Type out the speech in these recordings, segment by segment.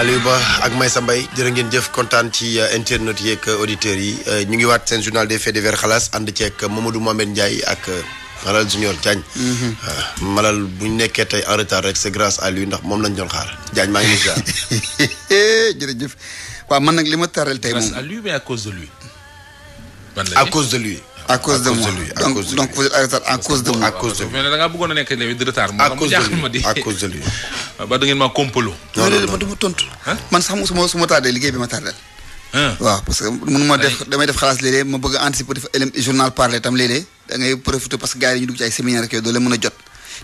Aliou Ba ak sa mbay jërë ngeen jëf kontaan ci euh, internet yeeg euh, auditeurs yi euh, ñu ngi waat seen journal des faits divers xalaas ànd ceeg Mamadou Mohamed Ndiaye ak Malal Junior Diagne. Mhm. Malal bu ñu nekkee tey en retard rek c'est grâce à lui ndax moom lañ doon xaar jaañ maa ngi lay ziar. jërëjëf waa man nag li ma taral tey moom. grâce à lui mais à cause de lui. à cause de moi donc donc vous êtes en retard à cause de moi. à cause de lui mais da ngaa bëggoon a nekk léegi de retard. à cause de lui à cause de lui ba da ngeen maa kompaloo. non non non du ma tontu. man sax su ma su ma tardé liggéey bi ma tardé. waaw parce que mënu ma def damay def xalaas léeg-léeg ma bëgg a anticiper def journal parler tam léeg-léeg da ngay profité parce que gars yi ñu dugg ci ay séminaire ak yooyu doo leen mën a jot.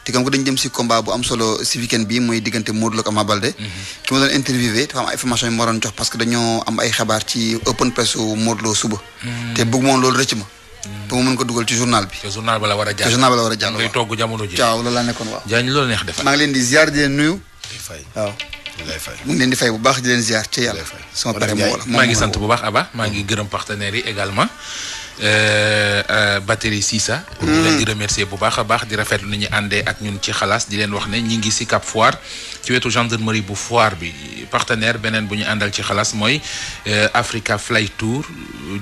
te comme que dañu jëm si combat bu am solo si weekend bi mooy diggante Modou Lo ak Ama Baldé mhm. ki ma doon interviewé dafa am ay information yi ma waroon jox parce que dañoo am ay xabaar ci open press Modou Lo suba. Mhm. te bëgg moom loolu rëcc ma. te mu mën ko dugal ci journal bi. te journal ba war a jàll te journal ba war a jàll. ngay togg jamono ji waaw loolu laa nekkoon waaw. jaañ loolu neex defal maa ngi leen di ziar di leen nuyu. waaw. mu ngi leen di fay bu baax di leen ziar ci yàlla. soo pare moo la maa ngi sant bu baax Aba maa ngi gërëm partenaire yi également Euh, euh, batterie Sisa. Mm. leen di remercier bu baax a baax di rafetlu ni ñu àndee ak ñun ci xalaas di leen wax ne ñi ngi si Cap Foire ci wetu gendarmerie bu Foire bi partenaire beneen bu ñu àndal ci xalaas mooy euh, Africa Fly Tour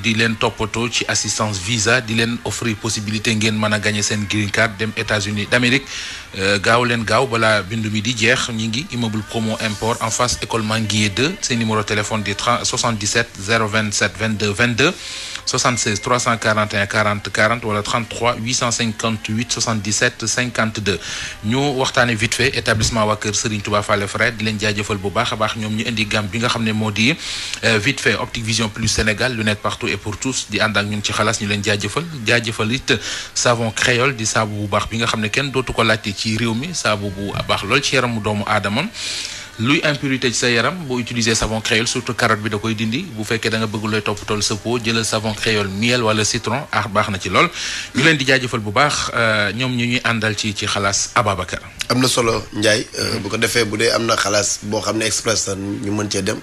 di leen toppatoo ci assistance visa di leen offrir possibilité ngeen mën a gañe seen green card dem États-Unis d'Amérique gaaw leen gaaw balaa bindu mi di jeex ñi ngi immeuble promo import en face école Manguier 2 seen numéro téléphone di 77 027 22 22. 76 341 40 40 wala 33 858 77 52 ñu waxtaane vite fait établissement waa kër Serigne Touba Fallé Frère di leen jaajëfal bu baax a baax ñoom ñu indi gam bi nga xam ne moo di euh, vite fait Optique Vision Plus Sénégal lunette partout et pour tous di ànd ak ñun ci xalaas ñu leen jaajëfal jaajëfal it savon créole di saabu bu baax bi nga xam ne kenn dootu ko laajte ci réew mi saabu bu baax lool ci yaramu doomu aadama luy impurité ci sa yaram boo utiliser savon créole surtout carotte bi da koy dindi bu fekkee danga nga bëgg looy toppatool sa peau jëlal savon créole miel wala citron ah baax na ci lool ñu leen di jaajafal bu baax euh, ñoom ñu ñuy àndal ci ci xalaas Ababacar am na solo Ndiaye euh, bu ko defee bu dee am na xalaas boo xam ne express ñu mën cee dem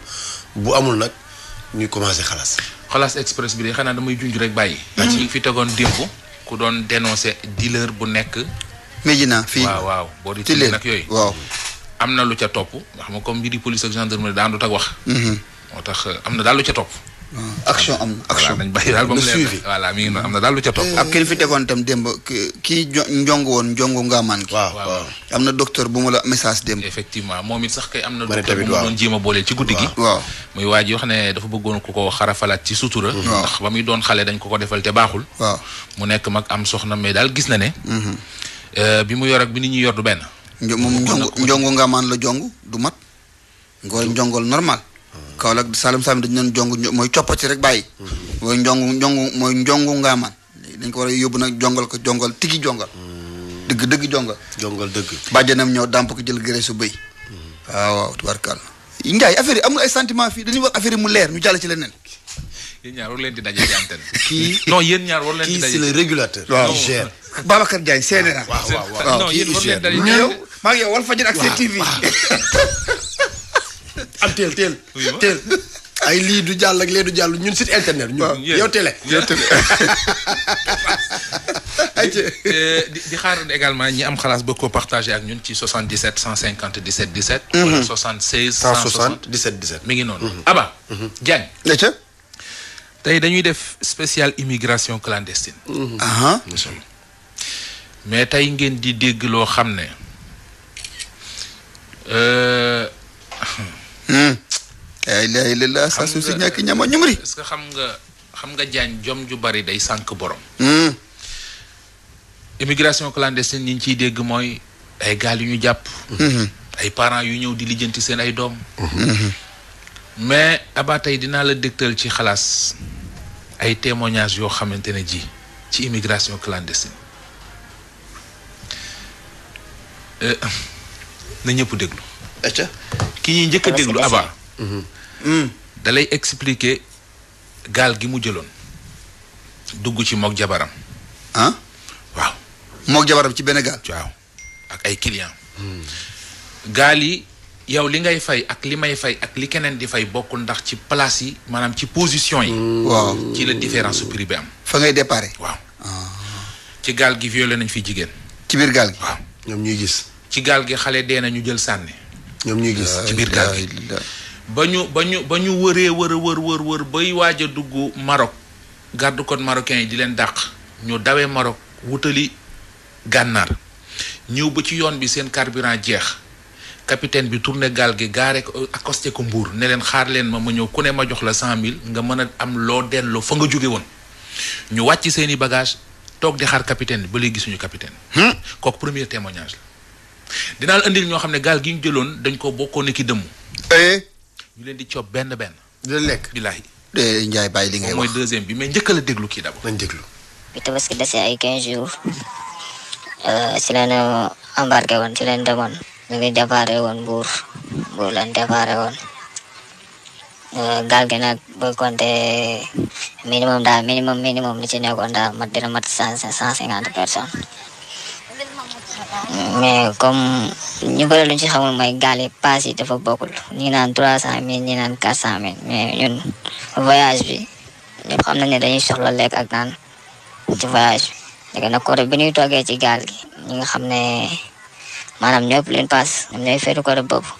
bu amul nag ñuy commencé xalaas xalaas express bi de xanaa damay junj rek bàyyi ci ah. fi tegoon démb ku doon dénoncé dealer bu nekk Médina fii waaw waaw boo di nag yooyu waaw am na lu ca topp nga xam ne comme mbiri police ak gendarmerie daan du mhm. moo tax euh, am na daal ca topp. Ah, action am na action daal ba mu leer voilà mi ngi noonu am na daal lu ca topp. Eh, ak kii fi tegoon itam démb kii njongu woon njongu ngaamaan ki waaw waaw am na docteur bu ma la message dem effectivement moom it sax kay am na. docteur bu mu doon jéem booleel ci guddi gi. muy waa ji wax ne dafa bëggoon ku ko xarafalaat ci sutura. Mhm. ndax ba muy doon xale dañ ko ko defal te baaxul. mu nekk mag am soxna mais daal gis na ne. Mhm. Euh, bi mu yor ak bi nit ñuy yor du benn. moom njongu ngamaan la jongu du mat ngooy njongol normal ah. Kaolack Saalum Saalum dañu doon jong mooy ci rek bàyyi hmm. mooy njongu njongu mooy njongu ngaamaan dañ ko war a yóbbu nag jongal ko jongal tigi jongal hmm. dëgg dëgg jongal jongal dëgg bàjjanam ñëw dàmp ko jël gëre su bëy waaw hmm. ah, waaw tubaarkàlla yi amul ay sentiment fii dañuy wax affaire mu leer ñu jàll ci leen di kii c'est le régulateur. waaw gère Babacar Diagne CNRA. waaw kii gère yow maa ngi yow Walfadjri ak seen TV. am teel teel. teel ay lii du jàll ak lee du jàll ñun site internet. ñun yow télé yow di xaaroon également ñi am xalaas bëgg ko partagé ak ñun ci 77 150 17 17. wala 76 160 17 17. mi ngi noonu. Mhm. Aba. Mhm. Diagne. dëgg tey dañuy def spécial immigration clandestine. Mhm. mais tey ngeen di dégg loo xam ne. ay euh, hmm. la illallah saa suuf si ñàkk ñama ñumri est-ce que xam nga xam nga jaañ jom ju bari day sànq borom. Hmm. immigration clandestine ñi ñu ciy dégg mooy ay gaal yu ñu jàpp. Hmm. ay parents yu ñëw di lijjanti seen ay doom. mais abaa dinaa la dégtal ci xalaas ay témoignages yoo xamante ne ji ci immigration clandestine. Euh, na ñëpp déglu. acca ki ñuy njëkk a déglu Aba. Mm-hmm. Hmm. dalay lay gaal gi mu jëloon. dugg ci mook jabaram. ah. waaw. mook jabaram ci benn gaal. ak ay client gaal yi yow li ngay fay ak li may fay ak li keneen di fay bokkul ndax ci place yi maanaam ci position yi. Mm. waaw ci la différence prix am. fa ngay déparé. waaw. Ah. ci gaal gi violé nañ fi jigéen. ci biir gaal gi. waaw ñoom ñuy gis. ci gaal gi xale dee na ñu jël sànni. ñoom ñuy gis ci biir euh, ba ñu ba ñu ba ñu wëree wër wër wër wër bay waaj a dugg Maroc garde côte marocain yi di leen dàq ñu dawee Maroc wutali gànnaar ñëw ba ci yoon bi seen carburant jeex capitaine bi tourné gaal gi gaare ko accosté ko mbuur ne leen xaar leen ma ma ñëw ku ne ma jox la cent mille nga mën a am loo delloo fa nga jóge woon ñu wàcc seeni bagage toog di xaar capitaine bi ba léegi gisuñu capitaine hmm? kooku premier témoignage la dinaa la indil ñoo xam ne gaal gi ñu jëloon dañ ko bokkoon ne ki dëmm. Eh? ñu leen di coob benn benn. di lekk billaahi. de Ndiaye bàyyi li ngay wax mooy deuxième bi may njëkk la déglu kii d'abord. nañ déglu. bi tabaski dese ay 15 jours si euh, leen embarqué woon si leen demoon. ñu ngi déparé woon Mbour. Mbour lañ déparé woon. Euh, gaal gi nag booy compter minimum daal minimum minimum li ci nekkoon daal mat dina mat cent cent cinquante mais comme ñu bëri lu ñu ci xamul mooy gaal yi paas yi dafa bokkul ñi naan trois cent mille ñi naan quatre cent mille mais ñun voyage bi ñëpp xam nañ ne dañuy soxla lekk ak naan ci voyage bi. léegi ñuy toogee ci gaal gi ñi nga xam ne maanaam ñëpp leen paas ñoom ñooy feetu Korité boobu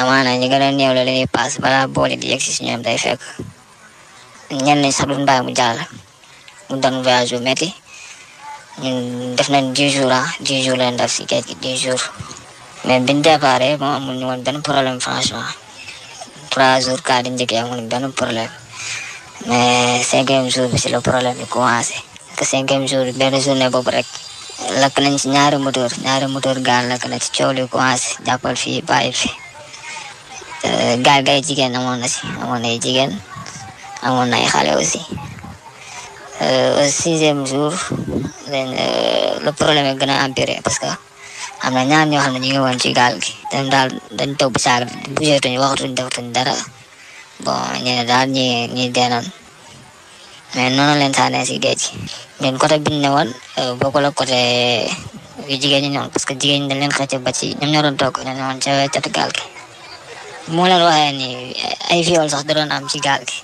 amaana ñi gën a néew la leen paas balaa boole di yegg si si ñoom day fekk ñenn ñi sax du mbaay mu jàll mu doon voyage bu métti. ñun def nañ dix jours ah dix jours lañ def si géej gi dix jours mais biñ départ moom amul ñu woon problème franchement trois jours kaa di njëkk amul benn problème mais cinquième jour bi si le problème bi commencé. que cinquième jour bi benn journée boobu rek lakk nañ si ñaari moteur ñaari moteur gaal lakk na ci coow li commencé jàppal fii bàyyi fi gaal gay jigéen amoon na si amoon na jigéen amoon na xale aussi. Euh, au sixième jour euh, le problème yi gën a empiré parce que am na ñaan ñoo xam ne ñu ngi woon ci gaal gi dañ daal dañ toog bu saag waxatu waxtuñ tuñ dara bon ñene daal ñi ñi deenan mais noonu leen saanee si géej gi ñun côté bi ñu ne woon euh, bokkul ak côté yu jigéen ñi ñoon parce que jigéen ñi dañ leen xëcc ba ci ñoom ñoo doon toog ñoo ñëwoon ca cat gaal gi moo leen waxee nii ay viol sax da am ci gaal gi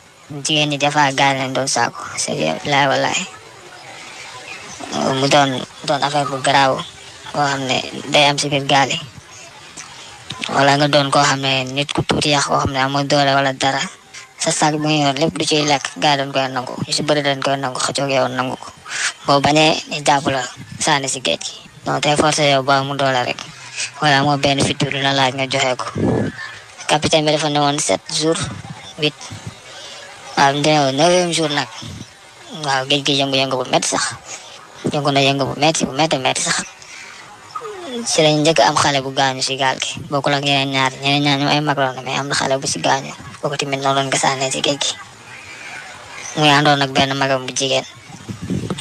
jigéen ñi dafa gaare leen doon saako c'est laay walaay mu doon doon bu garaaw koo xam ne day am si biir gaal yi wala nga doon koo xam ne nit ku tuuti yàq koo xam ne amoo doole wala dara sa saak bu ñu yor lépp du ciy lekk gaa doon koy nangu ñu si bëri dañ ko boo bañee ñu jàpp la sànni si géej gi donc tey forcé yow ba mu doole rek wala moo benn fitur la laaj nga joxe ko capitaine bi dafa ne woon sept jours waaw dina woon neuvième jour nag waaw géej gi yëngu-yëngu bu métti sax yëngu na yëngu bu métti bu métti métti sax ci la njëkk am xale bu gaañu si gaal gi bokkul ak ñeneen ñaar ñeneen ñaar ñoom ay mag la mais am na xale bu si gaañu kooku tamit noonu doon gasaanee si géej gi muy àndoon ak benn magam bu jigéen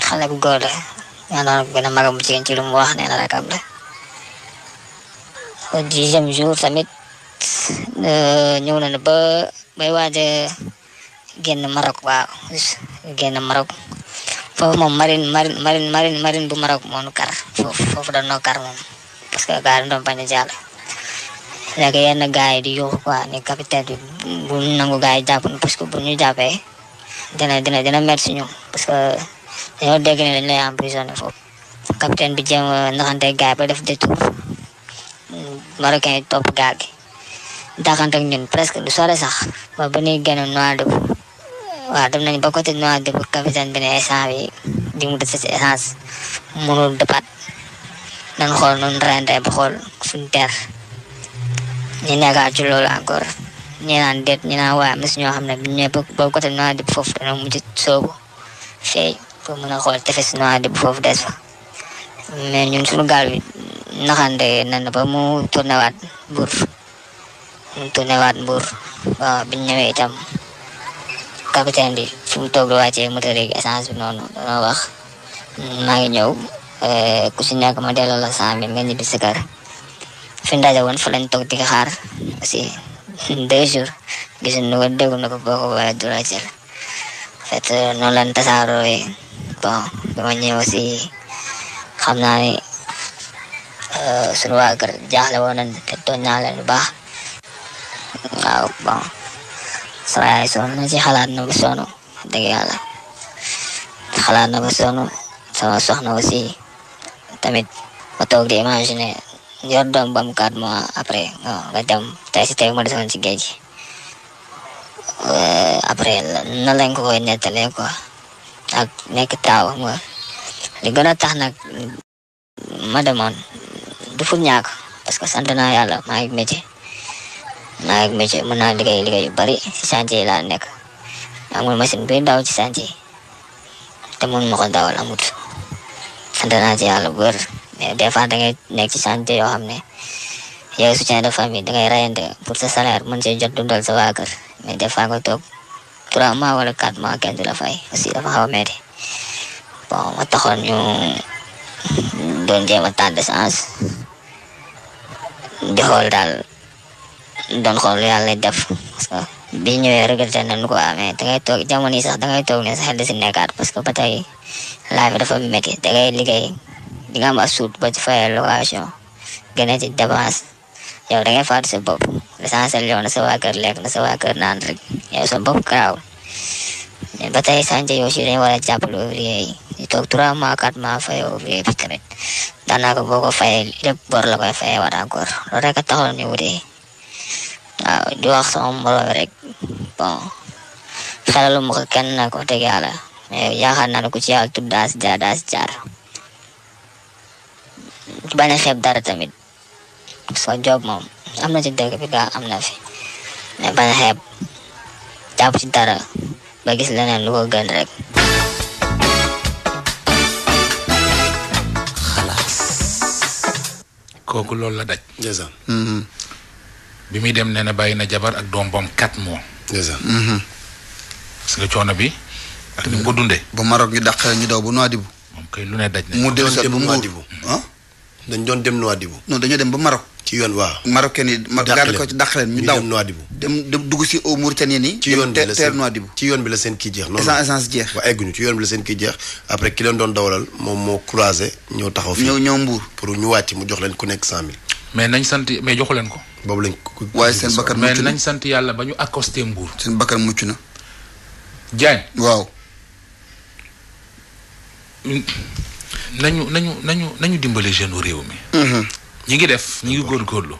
xale bu góor la ñu àndoon ak benn magam bu jigéen ci lu mu wax nee na rakam la au jour tamit ñëw nañu ba bay waaj génn Maroc waaw génn Maroc foofu moom marine marine marine marine marine bu Maroc moo nu kar foofu foofu dañ noo kar moom parce que gars yi doon bañ a jàll léegi yenn gars yi di yuuxu quoi ne capitaine bi bu nangu gars yi jàpp parce que bu jàppee dina si ñoom parce que dañoo dégg ne dañ lay emprisonné foofu capitaine bi jéem a naxante gars yi ba def détour marocain yi topp gaal gi ñun presque du sore sax ba ba ñuy génn noa waaw dem nañ ba côté noix de pour capitaine bi ne essence bi di mu def dëppaat nañ xool noonu rendee ba xool suñu teer ñu nekkaat ci loolu encore ñu naan déet ñu naan waaye mos ñoo xam ne bu ñëwee ba côté noix de foofu dana mujj soobu feey pour tefes noix de foofu des fa mais ñun suñu gaal bi naxande nan ba mu tourné waat mbuur mu tourné waat waaw biñ ñëwee itam. capitaine bi fu mu toog di wàccee moteur yeeg essence bi noonu wax maa ngi ñëw eh, ku si nekk ma delloo la cent mille nga ñibbi sa kër fi ndaje woon fa lañ toog di ko xaar aussi deux jours gis nu ko dégg na ko boo ko waaye du la jël en fait euh, noonu lañ tasaaroo bon bi ma ñëw aussi xam naa ni euh, sunu waa kër jaaxle woon te tooñ naa leen bon. sawaay sonn na ci xalaat na bu sonn dëgg yàlla xalaat na bu sonn sama soxna aussi tamit ma toog di imaginer yor doom ba mu quatre mois après nga dem tey si tey ma desoon ci géej gi après na lañ ko koy nettalee quoi ak nekk taaw nga li gën a tax nag ma demoon du fu ñàkk parce que yàlla maa ngi maa ak métier mën naa liggéey liggéey yu bari si chantier laa nekk amul machine bi daw ci chantier te mun ma ko dawal amut sant naa ci yàlla bu wér mais des fois da ngay nekk ci chantier yoo xam ne yow soutien de famille da ngay rayante pour sa salaire mën see jot dundal sa waa kër mais des fois nga toog trois mois wala quatre mois kenn du la fay aussi dafa xaw a metti bon ma taxoon ñu doon jéem a tànn chance di xool daal. doon xool yàlla def parce que bi ñëwee regretté nañu ko amee dangay toog jamono sax dangay toog ne sa xel di si nekkaat parce que ba tey laaj bi dafa métti dangay liggéey di nga am asuut ba ci fayal location gën a ci dépense yow dangay faatu sa bopp l'essentiel na sa waa kër na sa waa kër naan rek yow sa bopp garaawul ba tey sànq yow si dañu war a jàppale ouvrier yi di toog 3 mois 4 mois fay ouvrier bi tamit daanaka boo ko fayee lépp bor la koy fayee a taxoon waaw di wax sama mbooloo rek bon xelalu ma ko kenn nag wax dëgg yàlla mais yaakaar naa ne ku ci yàlla tudd daas daas jaar bañ xeeb dara tamit so job moom am na ci dëkk na fi dara ba gis leneen lu ko gën rek bi muy dem nee na bàyyi na jabar ak doom boom quatre mois. déjà. Mhm. parce que coono bi. ak ni mu ko dundee. ba Maroc ñu dàq ñu daw ba Nouadhibou. moom kay lu ne daj na. mu dellu si ba Nouadhibou ah. doon dem Nouadhibou. non dañoo dem ba Maroc. ci yoon waaw. Marocain yi ma gaar ko ci dàq leen ñu daw dem dem dugg si au Mauritanie nii. ci yoon bi la seen ci yoon bi la seen kii jeex. noonu essence essence jeex. waaw ci yoon bi la seen kii jeex après ki leen doon dawalal moom moo croisé ñëw taxaw fi. ñëw ñëw mbuur pour ñu wàcc mu jox leen ku nekk cent mais nañ sant mais joxu leen ko. boobu lañ ko waaye seen bakkan mucc mais nañ sant yàlla ba ñu accosté Mbour. seen bakkan mucc na. Diagne. waaw. nañu nañu nañu nañu dimbale jeune réew mi. Mm-hmm. ñi ngi def ñi ngi góorgóorlu.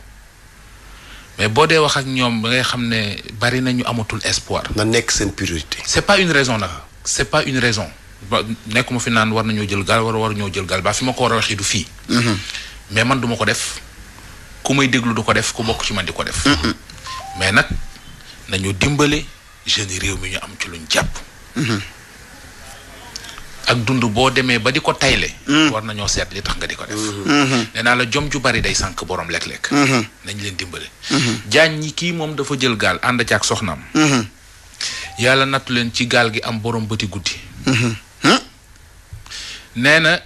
mais boo dee wax ak ñoom ba ngay xam ne bari nañu amatul espoir. na nekk seen priorité. c'est pas une raison na c'est pas une raison. ba nekkuma fi naan war nañoo jël gaal war war ñoo jël gaal baa fi ma ko war a waxee du fii. Mm-hmm. mais man duma ko def. ku may déglu du ko def ku bokk ci man di ko def. mais nag nañu dimbale jeunes réew mi ñu am ci luñ jàpp. Mm-hmm. ak dund boo demee ba di ko tayle. Mm. war nañoo seet li tax nga di ko def. Mm-hmm. Mm-hmm. nee la jom ju bari day sànq borom lekk-lekk. nañ leen dimbale. jaañ ñi kii moom dafa jël gaal ànd ci ak soxnaam. yàlla nattu leen ci gaal gi am borom bëti guddi. nee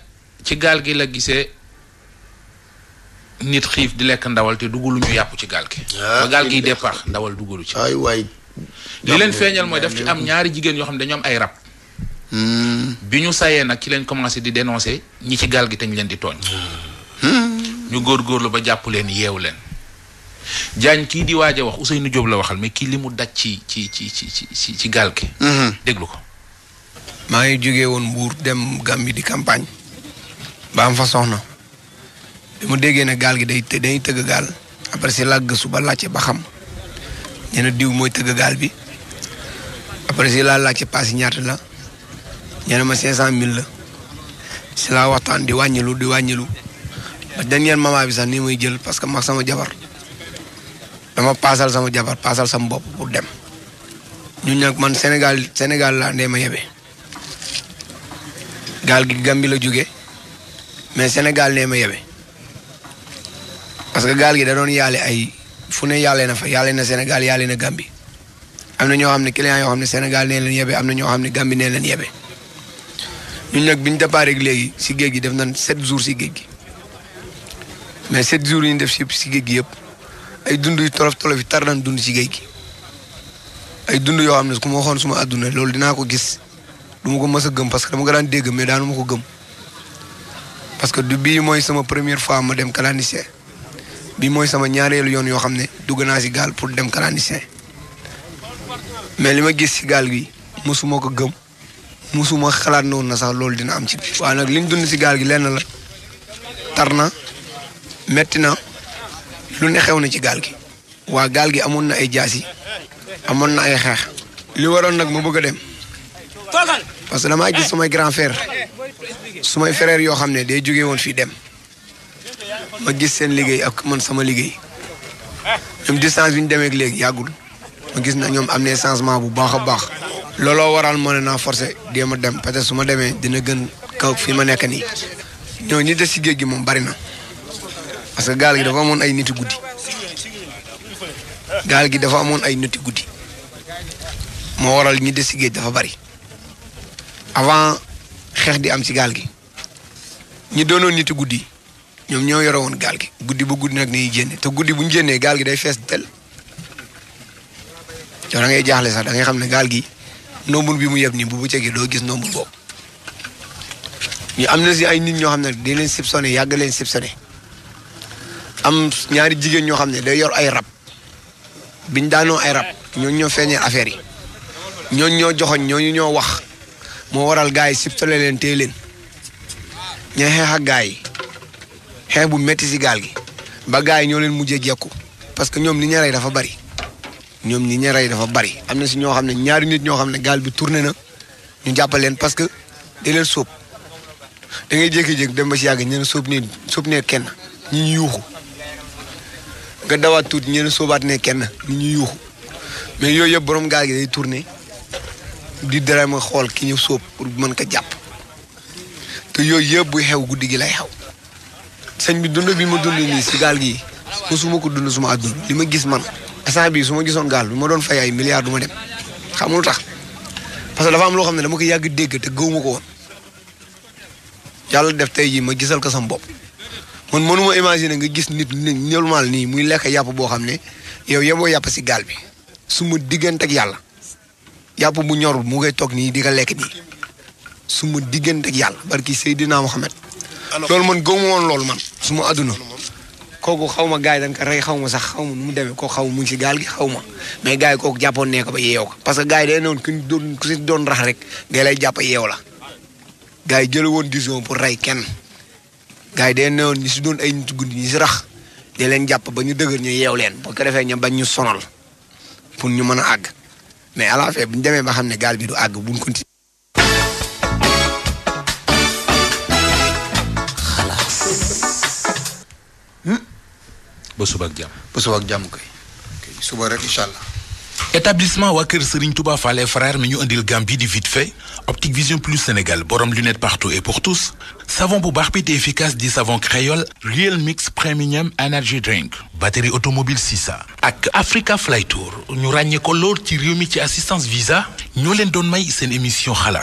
ci gaal gi la gisee. nit xiif di lekk ndawal te ñu yàpp ci gaal gi. Ah, ba gaal gi départ ndawal duggalu ci. waay li leen feeñal mooy def ci am ñaari jigéen yoo xam ne dañoo am ay rab. Hmm. bi ñu sayee nag ci leen commencé di dénoncer ñi ci gaal gi te ñu leen di tooñ. Hmm. ñu góor góorlu ba jàpp leen yeew leen. Jaañ kii di waaj a wax Ousseynou Diop la waxal mais kii li mu daj ci ci ci ci ci ci gaal gi. Hmm. déglu ko. maa ngi jóge woon mbuur dem Gambie di campagne. ba am fa soxna. bi mu déggee ne gaal gi day day tëgg gaal après si laa gëstu ba laajte ba xam ñu diw mooy tëgg gaal bi après si laa laajte paas yi ñaata la ñu ne ma 500000 la si laa waxtaan di wàññilu di wàññilu ba dernier moment bi sax nii muy jël parce que mag sama jabar dama paasal sama jabar paasal sama bopp pour dem ñu nag man Sénégal Sénégal laa ndee ma yebe gaal gi Gambie la jóge mais Sénégal nee ma yebe parce que gaal gi da doon yaale ay fu ne yaale na fa yaale na Sénégal yaale na Gambie am na ñoo xam ne client yoo xam ne Sénégal nee leen yebe am na ñoo xam ne Gambie nee leen yebe ñun nag bi ñu départ rek léegi si géej gi def nañ sept jours si géej gi mais sept yi ñu def si si gi yëpp ay dund yu tolof tolof yi tar nañ dund si géej gi ay dund yoo xam ne ku ma waxoon suma àdduna loolu dinaa ko gis du ko mës a gëm parce que dama ko daan dégg mais daanu ma ko gëm parce que du bii mooy sama première fois ma dem clandestin bi mooy sama ñaareelu yoon yoo xam ne dugg naa si gaal pour dem clandestin mais li ma gis si gaal gi mosuma ko gëm musuma xalaat noonu na sax loolu dina am ci biir. waaye nag liñ dund si gaal gi lenn la tar na metti na lu xew na ci gaal gi. waa gaal gi amoon na ay jaasi amoon na ay xeex. li waroon nag ma bëgg dem parce que damaa gis sumay grand frère sumay frère yoo xam ne day jóge woon fii dem. ma gis seen liggéey ak man sama liggéey ñoom distance bi ñu demee léegi yàggul ma gis na ñoom am ne changement bu baax a baax looloo waral ma ne naa forcé déema dem peut-être su ma demee dina gën kaw fi ma nekk nii ñoo ñi des si géej gi moom bari na parce que gaal gi dafa amoon ay niti guddi gaal gi dafa amoon ay niti guddi moo waral ñi des si géej dafa bari avant xeex di am si gaal gi ñi doonoon niti guddi ñoom ñoo yore woon gaal gi guddi ba guddi nag dañuy génne te guddi bu ñu génnee gaal gi day fees tel yow da ngay jaaxle sax da ngay xam ne gaal gi nombul bi mu yeb nii bu bu cegee doo gis nombul boobu ñu am na ay nit ñoo xam ne di leen soupçonné yàgg leen soupçonné am ñaari jigéen ñoo xam ne day yor ay rab biñ daanoo ay rab ñooñu ñoo feeñee affaire yi ñooñu ñoo joxoñ ñooñu ñoo wax moo waral gars yi soupçonné leen téye leen ña xeex xeex bu métti si gaal gi ba gars yi ñoo leen mujjee jekku parce que ñoom li ñu rey dafa bari ñoom ñi ñu rey dafa bari am na si ñoo xam ne ñaari nit ñoo xam ne gaal bi tourné na ñu jàppal leen parce que da leen sóob da dem ba si yàgg ñeneen sóob nee kenn ñu yuuxu nga dawaat tuuti ñeneen sóobaat nee kenn ñi ñu yuuxu mais yooyu yëpp borom gaal gi day tourné di dara ma xool ki ñu sóob pour mën ka jàpp te yooyu yëpp buy xew guddi gi lay xew. sëñ bi dund bi ma dund nii si gaal gii mosuma ko dund suma àdduna li ma gis man instant bii su gisoon gaal bi ma doon fay ay milliards du ma dem xamul tax parce que dafa am loo xam ne dama ko yàgg dégg te ma ko def tey jii ma gisal ko sam bopp man mënuma imaginer nga gis nit normal nii muy lekk yàpp boo xam ne yow yemoo yàpp si gaal bi su ma diggante yàlla yàpp bu ñor mu toog nii di ko lekk nii su ma diggante ak yàlla barki Seydina loolu man gëw woon loolu man suma àdduna kooku xaw ma gars yi dañ ko rey xaw ma sax xaw ma nu mu demee kooku xaw ma mu ngi si gaal gi xaw ma mais gars yi kooku jàppoon nee ko ba yeew ko parce que gars yi day noonu ku si doon ay nit guddi ñi si rax di leen jàpp ba ñu dëgër ñu yeew leen bu ko defee ñu bañ ñu sonal pour ñu mën a àgg mais à la fin demee ba xam ne gaal bi du àgg buñ continuer ba suba ak jàmm. ba suba ak jàmm kay. suba rek incha allah. établissement waa kër Serigne Touba Fall et frère mi ñu indil gam bi di vite fait optique vision plus Sénégal borom lunette partout et pour tous savon bu baax bi te efficace di savon créole Real Mix Premium Energy Drink batterie automobile Sisa ak Africa Fly ñu ràññee ko lool ci réew mi ci assistance visa ñoo leen doon may seen émission xalaat.